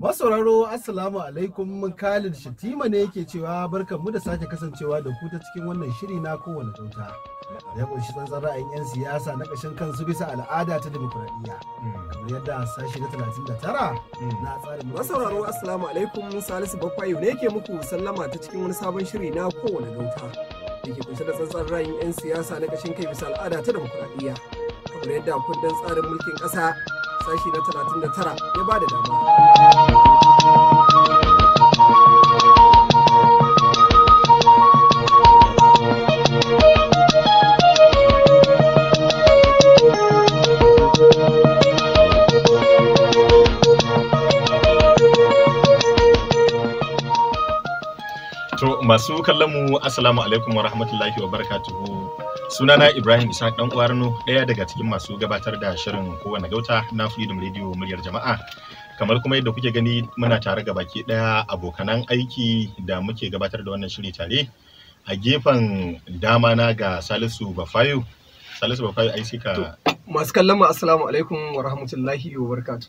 Masauraro Assalamu alaikum Khalid Shatima ne yake cewa barkanmu da sake kasancewa da ku ta cikin wannan shiri na kowane tauta. Ya kunshi tsantsan ra'ayin 'yan siyasa na ƙashin kansu bisa al'ada ta demokuraɗiyya. Kamar yadda sashi na 39 na tsarin Masauraro Assalamu alaikum Salisu Bakwayo ne yake muku sallama ta cikin wani sabon shiri na kowane tauta. Da ke kunshi da tsantsan ra'ayin 'yan siyasa na ƙashin kai bisa al'ada ta demokuraɗiyya. Kamar yadda kundin tsarin mulkin ƙasa sashi na 39 ya ba da dama. masu kallon mu assalamu alaikum wa rahmatullahi wa barakatuhu sunana ibrahim isa dan kwarno ɗaya daga cikin masu gabatar da shirin kowane gauta na freedom radio muryar jama'a kamar kuma yadda kuke gani muna tare ga baki ɗaya abokanan aiki da muke gabatar da wannan shiri tare a gefen dama na ga salisu bafayo salisu bafayo ai sika masu kallon mu assalamu alaikum wa rahmatullahi wa barakatuh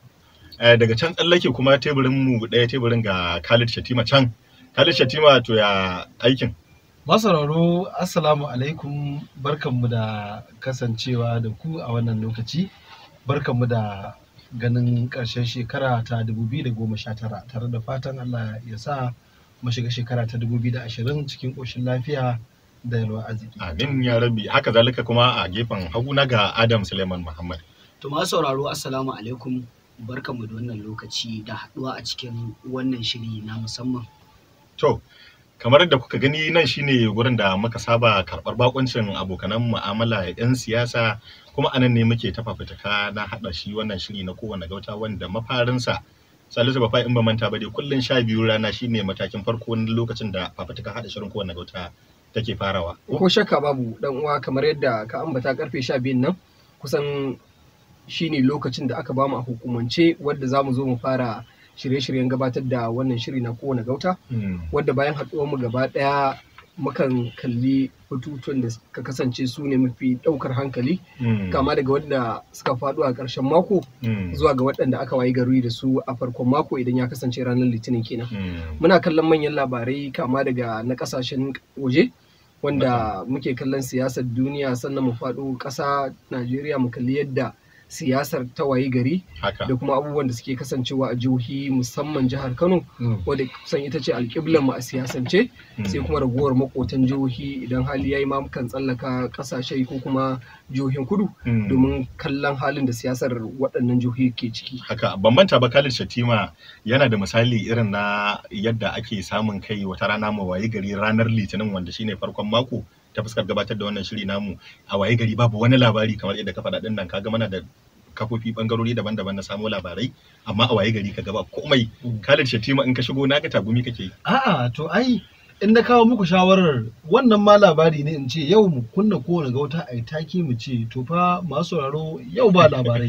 eh, daga can tsallake kuma teburin mu ɗaya teburin ga Khalid Shatima can Khalid Shatima to ya aikin Masauraro Assalamu alaikum barkanmu da kasancewa da ku a wannan lokaci barkanmu da ganin ƙarshen shekara ta 2019 tare da fatan Allah ya sa mu shiga shekara ta 2020 cikin ƙoshin lafiya da yalwa arziki. Amin ya rabi haka zalika kuma a gefen hagu na ga Adam Suleiman Muhammad. To sauraro Assalamu alaikum barkanmu da wannan lokaci da haɗuwa a cikin wannan shiri na musamman. To kamar da kuka gani nan shine gurin da muka saba karbar bakuncin abokanan mu'amala 'yan siyasa kuma anan ne muke fitaka na haɗa shi wannan shiri na kowane gauta wanda mafarinsa salisu ba in ba manta ba dai kullun sha biyu rana shine matakin farko na lokacin da fafutuka haɗa shirin kowane gauta take farawa ko shakka babu dan uwa kamar yadda ka ambata karfe sha biyun nan kusan shine lokacin da aka bamu a hukumance wanda zamu mu zo mu fara shirye-shiryen gabatar da wannan shiri na kowane gauta hmm. wadda bayan haɗuwar mu gaba ɗaya mukan kalli bututun da ka kasance su ne mafi ɗaukar hankali hmm. kama daga wadda suka faɗo a ƙarshen mako hmm. zuwa ga waɗanda aka wayi garuri da su a farkon mako idan ya kasance ranar litinin kenan muna kallon manyan labarai kama daga na ƙasashen waje wanda muke kallon siyasar duniya sannan mu faɗo ƙasa najeriya mu kalli yadda siyasar ta waye gari da kuma abubuwan da suke kasancewa a jihohi musamman jihar kano hmm. wadda kusan ita ce alƙiblar mu a siyasance hmm. sai kuma ragowar makotan jihohi idan hali ya yi ma kan tsallaka ƙasashe ko kuma jihohin kudu hmm. domin kallon halin da siyasar waɗannan jihohi ke ciki haka bambanta ba kalin shatima yana da misali irin na yadda ake samun kai wata rana mawaye gari ranar litinin wanda shine farkon mako ta fuskar gabatar da wannan shiri namu a waye gari babu wani labari kamar yadda ka faɗa din nan kaga mana da kafofi bangarori daban-daban na samo labarai amma a waye gari ka gaba komai mm. Khalid shatima in ka shigo na ga tagumi kake a'a to ai in na kawo muku shawarar wannan ma labari ne in ce yau mu kunna kowane ga wata a taki mu ce to fa masu sauraro yau ba labarai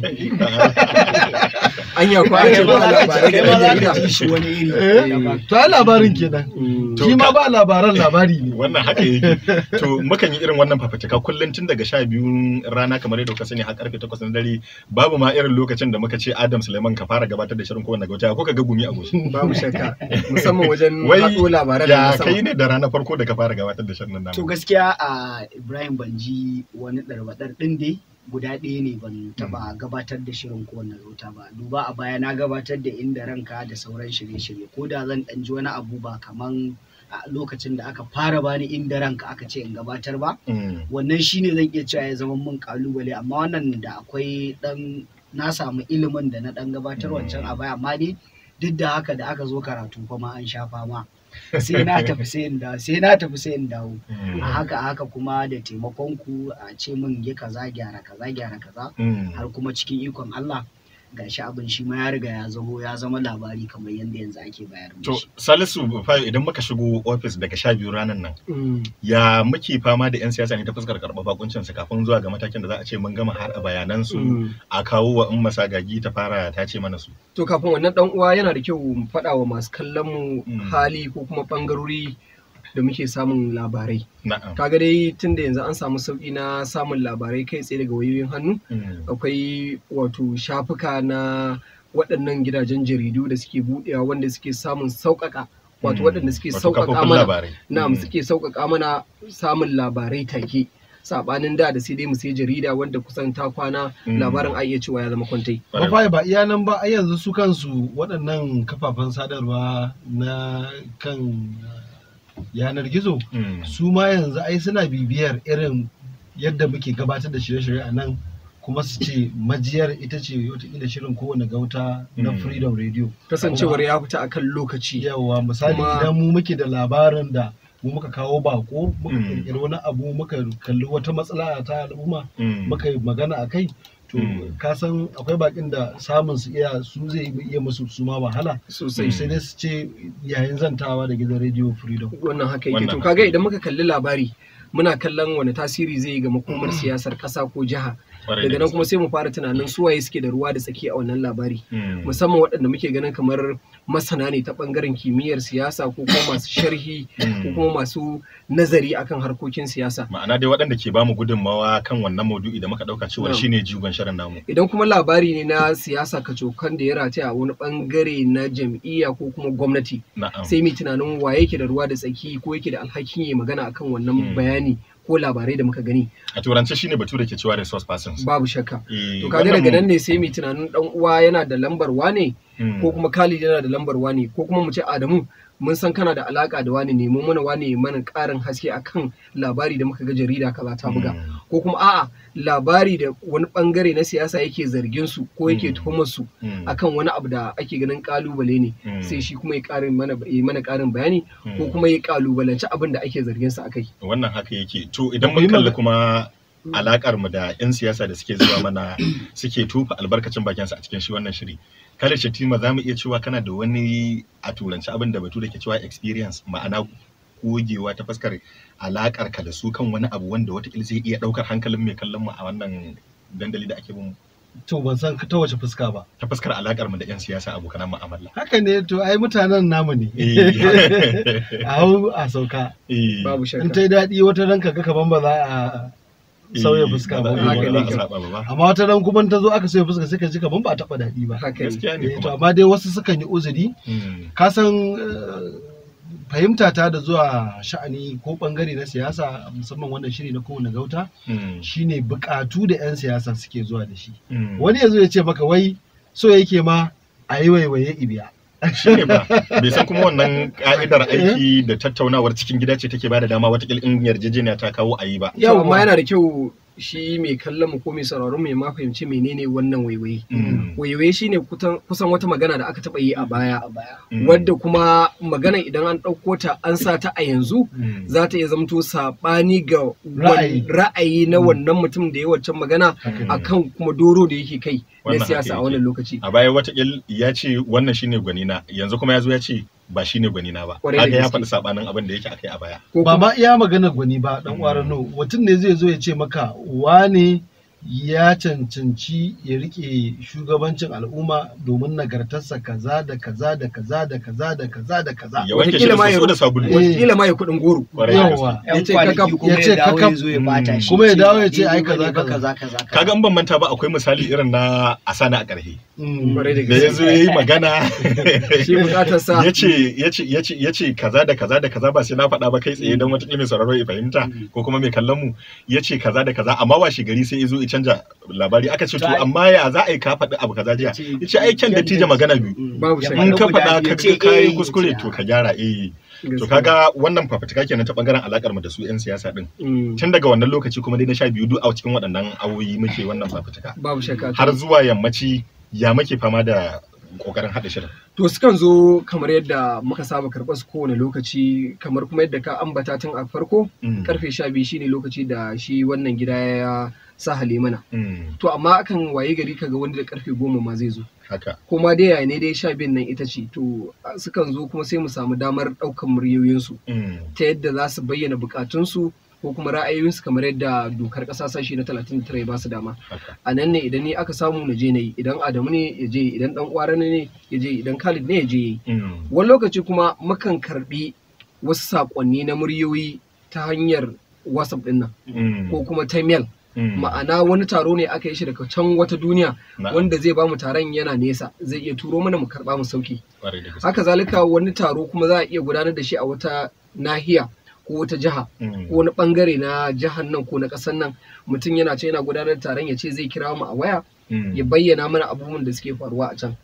an yau kwanci ba labarai kai ma za ka ji shi wani iri eh, to ai labarin kenan mm, shi ma ba labaran labari ne wannan haka yake to mukan yi irin wannan fafutuka kullum tun daga sha biyun rana kamar yadda kuka sani har karfe takwas na dare babu ma irin lokacin da muka ce Adam Suleiman ka fara gabatar da shirin kowane ga wata ko ka ga gumi a goshi babu shakka musamman wajen haɗo labaran da ne da ranar farko da ka fara gabatar da shirin nan to gaskiya a Ibrahim ban ji wani darbadar din dai guda ɗaya ne ban taba hmm. gabatar da shirin ko wannan rota ba duba a baya na gabatar da inda ranka da sauran shirye-shirye ko da zan ɗan ji wani abu ba kaman a lokacin da aka fara bani inda ranka aka ce in gabatar ba hmm. wannan shine zan iya cewa ya zama mun kalubale amma wannan da akwai dan na samu ilimin da na dan gabatar hmm. wancan a baya amma ni duk da haka da aka zo karatu kuma an sha fama sai na tafi sai in dawo sai na tafi sai in dawo mm. a haka haka kuma da taimakon ku a ce min ya kaza gyara kaza gyara kaza mm. har kuma cikin ikon Allah gashi abin shi ma ya riga ya zamo ya zama labari kamar yadda yanzu ake bayar to salisu idan muka shigo ofis daga sha biyu ranar nan mm. ya muke fama da yan siyasa ne ta fuskar karɓar bakuncin su kafin zuwa ga matakin da za a ce mun gama har a bayanan su mm. a kawo wa umma sagagi ta fara ta ce mana su to kafin wannan dan uwa yana da kyau mu faɗa wa masu kallon mu mm. hali ko kuma bangarori da muke samun labarai kaga dai tun da yanzu an samu sauƙi na samun labarai kai tsaye daga wayoyin hannu mm. akwai wato shafuka na waɗannan gidajen jaridu da suke buɗewa wanda suke samun sauƙaƙa wato mm. waɗanda suke sauƙaƙa mana na mm. suke sauƙaƙa mana samun labarai take sabanin da da sai dai mu sai jarida wanda kusan ta kwana labarin a iya cewa ya zama kwantai. Ba ba iya nan ba ai yanzu su kansu waɗannan kafafen sadarwa na kan yanar gizo hmm. su ma yanzu ai suna bibiyar irin yadda muke gabatar da shirye-shirye a nan kuma su ce majiyar ita ce watakila shirin kowane gauta na hmm. freedom radio kasancewar ya fita a kan lokaci yawa misali idan mu muke da labarin da mu muka kawo bako muka kirkiri hmm. wani abu muka kalli wata matsala ta al'umma muka yi magana a kai to hmm. ka san akwai bakin da samun su iya su zai iya musu su ma wahala sosai sai dai su ce yayin zantawa da gidan radio freedom wannan haka yake to kaga idan muka kalli labari muna kallon wani tasiri zai yi ga makomar hmm. siyasar kasa ko jiha daga nan kuma sai mu fara tunanin su waye suke da ruwa da tsaki a wannan labari hmm. musamman waɗanda muke ganin kamar masana ne ta bangaren kimiyyar siyasa ko kuma masu sharhi ko hmm. kuma masu nazari akan harkokin siyasa ma'ana dai waɗanda ke bamu gudunmawa kan wannan maudu'i da muka ɗauka cewa hmm. shine jigon sharan namu idan kuma labari ne na siyasa kacokan da ya rataya a wani bangare na jam'iyya ko kuma gwamnati sai mu tunanin waye ke da ruwa da tsaki ko yake da alhakin yayi magana akan wannan bayani ko labarai da muka gani a turance shine batu da ke cewa resource persons babu shakka eh, to kaga daga nan ne sai mu tunanin dan uwa yana da lambar wane ko hmm. kuma Khalid yana da lambar wane ko kuma mu ce Adamu mun san kana da alaka da wani ne mana wani mana karin haske a kan labari da muka ga jarida kaza ta buga mm. ko kuma a'a labari da wani bangare na siyasa yake zargin su ko yake mm. tuhumar su mm. akan wani abu da ake ganin kalubale ne sai shi kuma ya karin mana mana karin bayani ko kuma ya kalubalanci abin da ake zargin sa akai wannan haka yake to idan mun kalli kuma alakar mu da yan siyasa da suke zuwa mana suke tufa albarkacin bakin su a cikin shi wannan shiri kada shi za mu iya cewa kana da wani a turanci abin da batu da ke cewa experience ma'ana gogewa ta fuskar alakar ka da su kan wani abu wanda wata zai iya daukar hankalin mai kallon mu a wannan dandali da ake bin to ban san ta wace fuska ba ta fuskar alakar mu da yan siyasa abokan mu'amala haka ne to ai mutanen namu ne eh. a a sauka eh. babu shakka in ta yi daɗi wata ranka ga kaman ba za a sauya eh, fuska ba haka ne amma wata ran kuma ta zo aka sauya fuska sai ka ji kaman ba a taba dadi ba eh, to amma dai wasu sukan yi uzuri hmm. ka san eh, fahimta ta da zuwa sha'ani ko bangare na siyasa musamman wannan shiri na kowane gauta hmm. shine bukatu da 'yan siyasa suke zuwa da shi hmm. wani ya zo ya ce maka wai so yake ma a yi waiwaye ibiya shi ne ba bai san kuma wannan ka'idar eh? aiki da tattaunawar cikin gida ce take bada dama watakil in yarjejeniya ta kawo a yi ba Yau ma yana da kyau shi mai kallon mu ko mai sauraron mu ya ma fahimci menene wannan waiwaye. Mm. Waiwaye shine kusan wata magana da aka taba yi a baya. Mm. Wadda kuma magana idan an ɗauko ta an sa ta a yanzu mm. za ta iya zamto saɓani ga ra'ayi na wannan mutum da ya wancan magana akan kuma doro da yake kai na siyasa a wannan lokaci. A baya wata ya ce wannan shine gwanina yanzu kuma ya zo ya ce ba shi ne na ba kaga ya faɗi sabanin abin da yake akai a baya ba ma iya magana gwani ba dan mm. uwa no mutum ne zai zo ya ce maka ne? ya cancanci ya rike shugabancin al'umma domin nagartarsa kaza da kaza da kaza da kaza da kaza da kaza wataƙila ma ya da sabulu wataƙila ma ya kuɗin goro yawa ya ce kakam, ya ce kuma ya dawo ya ce ai kaza kaza kaza kaga in ban manta ba akwai misali irin na asana a ƙarfe. Mm. da ya zo ya yi magana ya ce ya ce kaza da kaza da kaza ba sai na faɗa ba kai tsaye don wataƙila mai sauraro ya fahimta mm. ko kuma mai kallon mu ya ce kaza da kaza amma washe gari sai ya zo ya canja labari aka ce to amma ya za a yi ka faɗi abu kaza jiya yace ai da tije magana biyu in ka faɗa ka kai eh, kuskure to ah. ka gyara eh to kaga wannan fafutuka kenan ta bangaren alakar mu da su yan siyasa din mm. tun daga wannan lokaci kuma dai na sha biyu duk a cikin waɗannan awoyi muke wannan fafutuka har zuwa yammaci ya muke fama da kokarin haɗa shirin to sukan zo kamar yadda muka saba karɓar su kowane lokaci kamar kuma yadda ka ambata tun a farko mm. karfe sha biyu shine lokaci da shi wannan gida ya sa halimana mm. to amma akan waye gari kaga wani da karfe goma ma zai zo haka kuma dai yaya ne dai sha biyun nan ita ce to sukan zo kuma sai mu samu damar ɗaukan muryoyinsu mm. ta yadda za su bayyana bukatunsu ko kuma ra'ayoyinsu kamar yadda dokar ƙasa sashi na 39 ya ba su dama a nan ne idan ni aka samu na je na yi idan adamu ne ya je idan dan kwara ne ya je idan khalid ne ya je mm. wani lokaci kuma mukan karbi wasu saƙonni na muryoyi ta hanyar whatsapp ɗin nan mm. ko kuma ta mail mm. ma'ana wani taro ne aka yi shi daga can wata duniya wanda zai bamu taron yana nesa zai iya turo mana mu karba mu sauki haka zalika wani taro kuma za a iya gudanar da shi a wata nahiya ko wata jiha mm. ko wani bangare na jihar nan ko na kasar nan mutum yana ce yana gudanar taron ya ce zai kira mu a waya mm. ya bayyana mana abubuwan da suke faruwa a can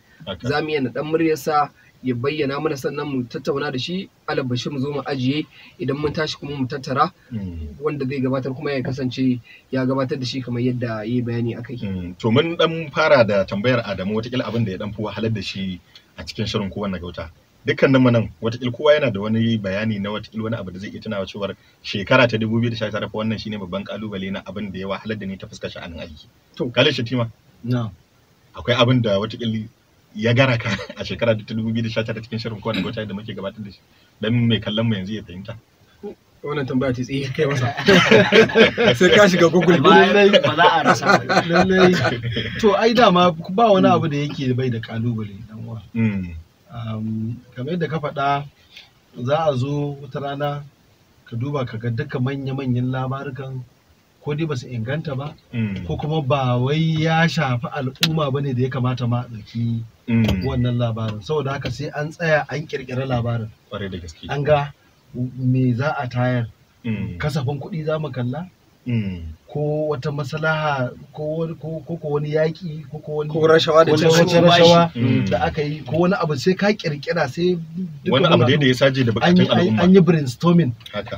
za mu iya naɗan muryarsa ya bayyana mana sannan mu tattauna da shi albashi mu zo mu ajiye idan mun tashi kuma mu tattara mm. wanda zai gabatar kuma ya kasance ya gabatar da shi kamar yadda ya yi bayani akai. to mun dan fara da tambayar adamu watakila abin da ya dan fi wahalar da shi a cikin shirin kowanne gauta dukkanin mu nan watakil kowa yana da wani bayani na watakil wani abu da zai iya tunawa cewar shekara ta 2019 fa wannan shine babban kalubale na abin da ya wahalar da ni ta fuskar sha'anin aiki to kalin shatima na akwai abin da watakil ya gara ka a shekara ta 2019 cikin shirin kowane gota da muke gabatar da shi dan mai kallon mu yanzu ya fahimta wannan tambaya ta tsaye kai masa sai ka shiga google ba za a rasa to ai dama ba wani abu da yake bai da kalubale dan kamar yadda ka faɗa za a zo wata rana ka duba ka ga duka manya-manyan labarukan ko dai ba su inganta ba mm. ko kuma ba wai ya shafi al'umma ba ne da ya kamata ma a ɗauki mm. wannan labarin saboda haka sai an tsaya an ƙirƙira labarin an ga me za a tayar mm. kasafin kuɗi za mu kalla ko wata masalaha ko ko wani yaƙi ko ko wani ko rashawa da cin rashawa mm. da aka yi ko wani abu sai ka kirkira sai wani abu da ya saje da bukatun al'umma an yi brainstorming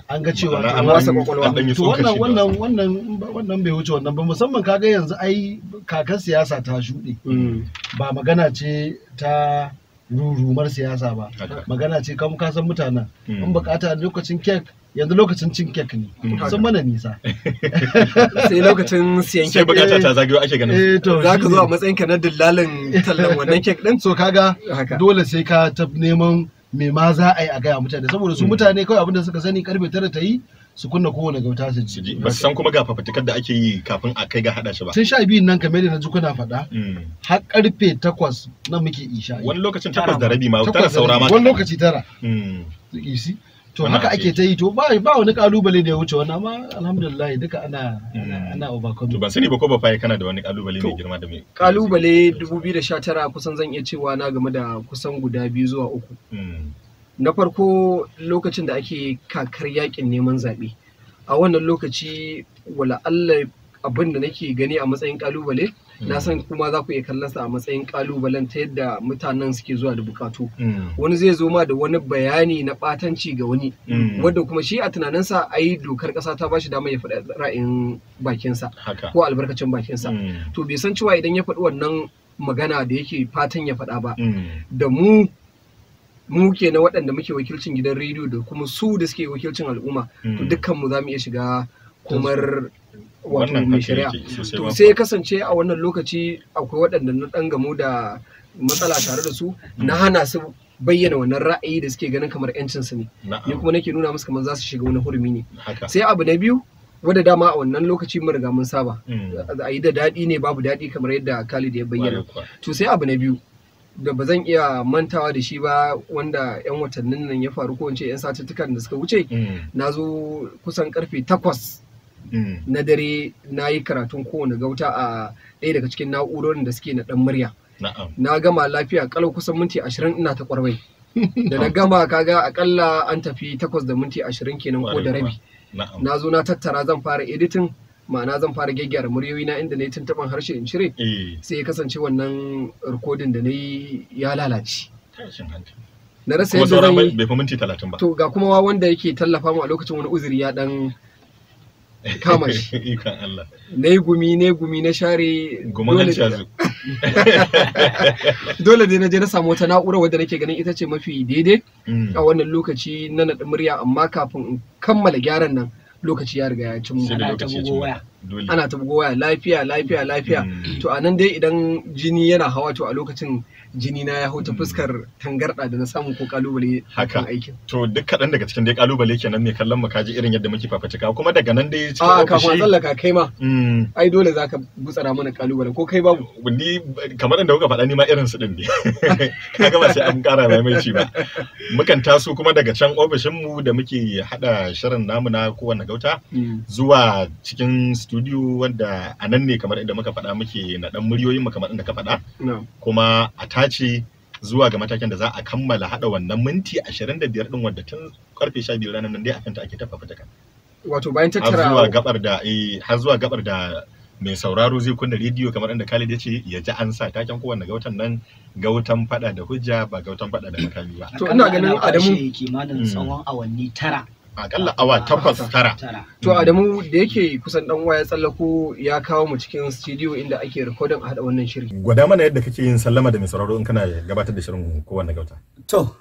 an ga cewa an wasa kwakwalwa to wannan wannan wannan wannan bai wuce wannan ba musamman kaga yanzu ai kakan siyasa ta shuɗe mm. ba magana ce ta rurumar siyasa ba magana ce kam kasan mutanen mm. in bukata lokacin kek yanzu lokacin cin kek ne mm. sun mana nisa sai lokacin siyan kek sai bukata ta zagayo ake ganin eh, to za ka zo a matsayin ka na dillalin tallan wannan kek din so kaga dole sai ka ta neman me ma za a yi a gaya mutane saboda su mm. mutane kawai abinda suka sani karfe tara ta yi su kunna kowane gauta su ji ba san kuma ga fafatikar da ake yi kafin a kai ga hada shi ba tun sha biyun nan kamar da na ji kuna faɗa mm. har karfe takwas na muke isha wani lokacin takwas da rabi ma tara saura ma wani lokaci tara to haka ake ta yi to ba ba wani kalubale da ya wuce wannan amma alhamdulillah duka ana hmm. ana overcome to ban sani ba ko ba faye kana da wani kalubale mai girma da mai kalubale 2019 kusan zan iya cewa na game da kusan guda biyu zuwa uku hmm. na farko lokacin da ake kakar yakin neman zaɓe a wannan lokaci wala Allah abin da nake gani a matsayin kalubale mm. na san kuma za ku iya kallon a matsayin kalubalen ta yadda mutanen suke zuwa da bukatu mm. wani zai zo ma da wani bayani na batanci ga wani mm. wanda kuma shi a tunaninsa ai dokar kasa ta bashi dama ya faɗa ra'ayin bakinsa ko albarkacin bakinsa to bai san cewa idan ya faɗi wannan magana da yake fatan ya faɗa ba da mu mu ke na waɗanda muke wakilcin gidan rediyo da kuma su da suke wakilcin al'umma to dukkan mu za mu iya shiga kumar wato mai shari'a to sai ya kasance a wannan lokaci akwai waɗanda na ɗan gamu da matsala tare da su na hana su bayyana wannan ra'ayi da suke ganin kamar yancin su ne ni kuma nake nuna musu kamar za su shiga wani hurumi ne sai abu na biyu wadda dama a wannan lokaci mun riga mun saba mm. a yi da daɗi ne babu daɗi kamar yadda Khalid ya bayyana to sai abu na biyu da ba zan iya mantawa da shi ba wanda 'yan watannin nan ya faru ko in 'yan satuttukan da suka wuce mm. na zo kusan karfe takwas na dare na yi karatun kowane gauta a ɗaya daga cikin na'urorin da suke na ɗan murya na gama lafiya kalau kusan minti ashirin ina ta kwarbai da na gama kaga akalla an tafi takwas da minti ashirin kenan ko da rabi na zo na tattara zan fara editing ma'ana zan fara gyaggyara muryoyi na inda na yi tuntuɓin harshe in shirin eh. sai ya kasance wannan rikodin da na yi ya lalace na rasa yadda zan yi to ga kuma wanda yake tallafa mu a lokacin wani uzuri ya dan kama shi ikon Allah na yi gumi na yi gumi na share gumin hanci dole ne na je na samu wata na'ura wadda nake ganin ita ce mafi daidai mm. a wannan lokaci na naɗi murya amma kafin in kammala gyaran nan lokaci ya riga ya cin mu da ta waya ana ta waya lafiya lafiya lafiya mm. to a nan dai idan jini yana hawa to a lokacin jini na ya huta mm. fuskar tangarda da na samu ko kalubale haka aikin to duk kaɗan daga cikin dai kalubale kenan ne kallon mu kaji irin yadda muke fafutuka kuma daga nan dai cikin a kafin ka kai ma mm. ai dole zaka butsara mana kalubale ko kai babu ni kamar inda kuka faɗa ni ma irin su din ne kaga ba sai an ƙara maimaici ba mukan taso kuma daga can ofishin mu da muke hada shirin namu na kowanne gauta zuwa cikin studio wanda a nan ne kamar inda muka faɗa muke na ɗan muryoyin kamar inda ka faɗa kuma a tace zuwa ga matakin da za a kammala haɗa wannan minti 25 ɗin wadda tun karfe 12 ranar nan dai a kanta ake tafa fitaka wato bayan tattara har zuwa gabar da eh har zuwa gabar da mai sauraro zai kunna rediyo kamar inda Khalid ya ce ya ji an sa taken kowanne gautan nan gautan fada da hujja ba gautan fada da makami ba to ina ganin Adamu kimanin mm. tsawon awanni tara akalla awa takwas tara. To Adamu da yake kusan dan waya tsallako ya kawo mu cikin studio inda ake rikodin a hada wannan shirin. Gwada mana yadda kake yin sallama da mai sauraro in kana gabatar da shirin kowanne gauta. To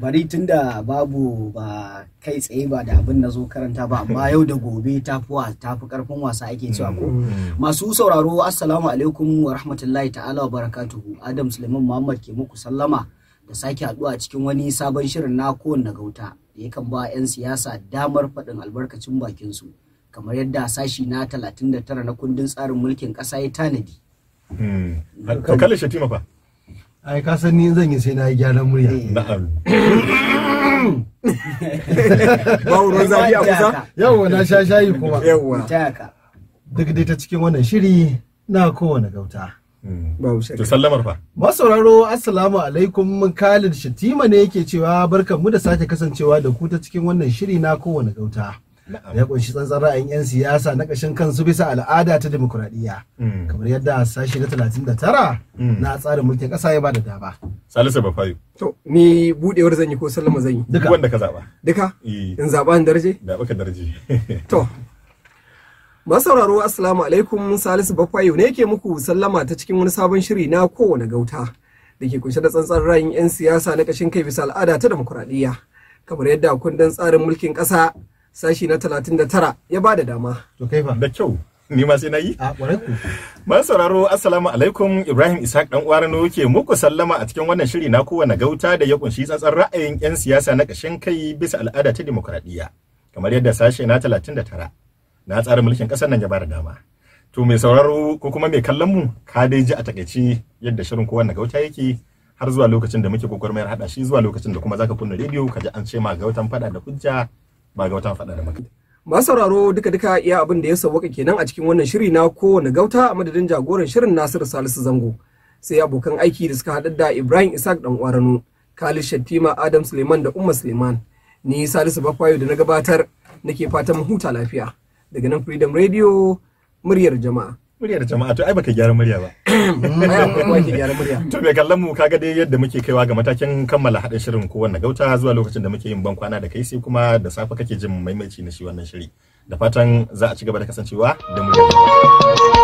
bari tunda babu ba kai tsaye ba da abin na zo karanta ba amma yau da gobe ta fi karfin wasa ake cewa ko mm. masu sauraro assalamu alaikum wa rahmatullahi ta'ala wa barakatuhu adam suleiman muhammad ke muku sallama da sake haduwa cikin wani sabon shirin na kowanne gauta da yakan ba 'yan siyasa damar faɗin albarkacin bakinsu kamar yadda sashi na 39 na kundin tsarin mulkin ƙasa ya tanadi. Hmm. Kakali Shatima fa. Ai ka san ni zan yi sai na yi gyaran murya. Eh. Na'am. Ba wurin zafi a kusa? Yawwa na sha shayi kuma. Yawwa. Duk dai ta cikin wannan shiri na kowane gauta. Hmm. sallamar fa. Masauraro Assalamu alaikum Khalid Shatima ne yake cewa barkanmu da sake kasancewa da ku ta cikin wannan shiri na kowane gauta. Ya kunshi tsantsan ra'ayin 'yan siyasa na ƙashin kansu bisa al'ada ta demokuraɗiyya. Hmm. Kamar yadda sashi na 39 hmm. na tsarin mulkin ƙasa ya bada dama. Salisu fayu. To, ni budewar zan yi ko sallama zan yi. Duka. Wanda ka zaɓa. Duka? Eh. In zaɓa ni darje? Zaɓa ka darje. To, Masauraro Assalamu alaikum Salisu Bakwayo ne ke muku sallama ta cikin wani sabon shiri na kowane gauta da ke kunshe da tsantsar ra'ayin 'yan siyasa na kashin kai bisa al'ada ta demokuraɗiyya kamar yadda kundin tsarin mulkin ƙasa sashi na 39 ya ba da dama. To kai ba Da kyau. Ni ma sai na yi. A Assalamu alaikum Ibrahim ɗan uwar Uwarano ke muku sallama a cikin wannan shiri na kowane gauta da ya kunshi tsantsar ra'ayin 'yan siyasa na kashin kai bisa al'ada ta demokuraɗiyya kamar yadda sashe na 39 na tsara mulkin ƙasar nan ya bada dama to mai sauraro ko kuma mai kallon mu ka dai ji a takaici yadda shirin kowanne gauta yake har zuwa lokacin da muke mayar hada shi zuwa lokacin da kuma zaka kunna rediyo ka ji an ce ma gautan fada da hujja ba gautan fada da maka masu sauraro duka duka iya abin da ya sauwaka kenan a cikin wannan shiri na kowane gauta a madadin jagoran shirin Nasiru Salisu Zango sai abokan aiki da suka haɗar da Ibrahim Isaac dan Kwarano Khalid Shattima Adam Suleiman da Umma Suleiman ni Salisu Bakwayo da na gabatar nake fatan mu huta lafiya daga nan Freedom Radio muryar jama'a. Muryar jama'a to ai baka gyara murya ba. To me kallon mu kaga dai yadda muke kaiwa ga matakin kammala haɗin shirin kowanne gauta zuwa lokacin da muke yin ban kwana da kai sai kuma da safe kake jin maimaici na shi wannan shiri. Da fatan za a ci gaba da kasancewa da muryar.